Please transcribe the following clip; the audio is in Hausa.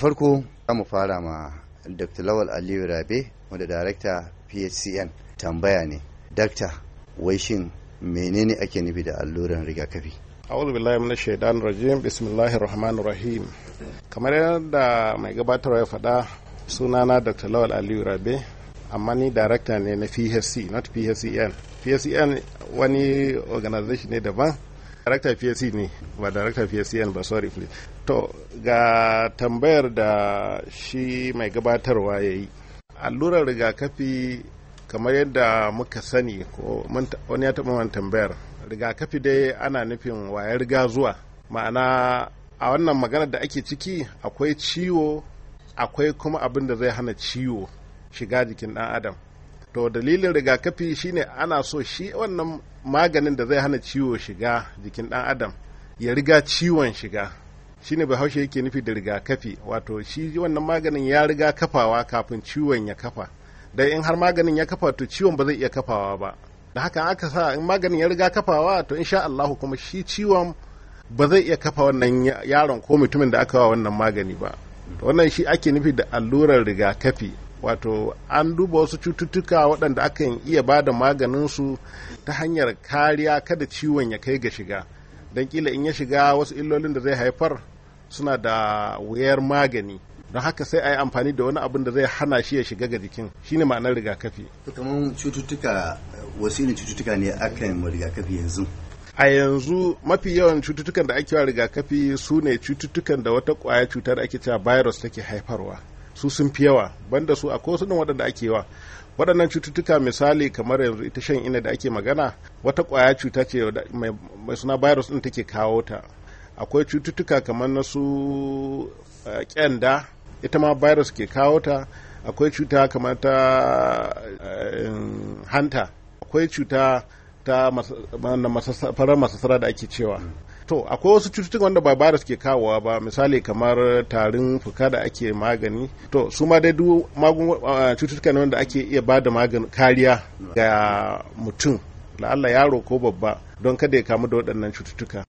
farko za mu fara ma dr lawal aliyu rabe wanda darakta phcn tambaya ne dakta wai shin menene ake nufi da alluran rigakafi a'udhu billahi minash shaitanir rajim bismillahir rahmanir rahim kamar yadda mai gabatarwa ya faɗa sunana dr lawal aliyu rabe amma ni darakta ne na phc not phcn phcn wani organization ne daban Director PSC ne ba Director PSCN ba sorry please. To ga tambayar da shi mai gabatarwa ya yi. Allurar rigakafi kamar yadda muka sani ko wani ya taɓa man tambayar rigakafi dai ana nufin wayar riga zuwa ma'ana a wannan maganar da ake ciki akwai ciwo akwai kuma abin da zai hana ciwo shiga jikin ɗan adam to dalilin rigakafi shine ana so shi wannan maganin da zai hana ciwo shiga jikin dan adam ya riga ciwon shiga shine bahaushe yake nufi da rigakafi wato shi wannan maganin ya riga kafawa kafin ciwon ya kafa da in har maganin ya kafa to ciwon ba zai iya kafawa ba da haka aka sa in maganin ya riga kafawa to insha Allah kuma shi ciwon ba zai iya kafa wannan yaron ko mutumin da aka wa wannan magani ba wannan shi ake nufi da allurar rigakafi wato an duba wasu cututtuka waɗanda akan iya ba da maganinsu ta hanyar kariya kada ciwon ya kai ga shiga don kila in ya shiga wasu illolin da zai haifar suna da wuyar magani don haka sai a yi amfani da wani abin da zai hana shi ya shiga ga jikin shine ma'anar rigakafi kamar cututtuka wasu cututtuka ne aka rigakafi yanzu a yanzu mafi yawan cututtukan da ake wa rigakafi su ne cututtukan da wata kwaya cutar ake cewa virus take haifarwa su sun fi yawa banda su akwai wasu waɗanda ake yawa waɗannan cututtuka misali kamar yanzu ita shan ina da ake magana wata ƙwaya cuta ce mai suna virus ɗin take kawo ta akwai cututtuka kamar na su eh, ƙyanda ita ma virus ke kawo ta akwai cuta kamar ta eh, hanta akwai cuta ta farar masasara da ake cewa to akwai wasu cututtuka wanda ba virus ke kawowa ba misali kamar tarin fuka da ake magani to su ma dai duk uh, cututtuka ne wanda ake iya ba da kariya ga mutum la'alla yaro ko babba don kada ya kamu da waɗannan cututtuka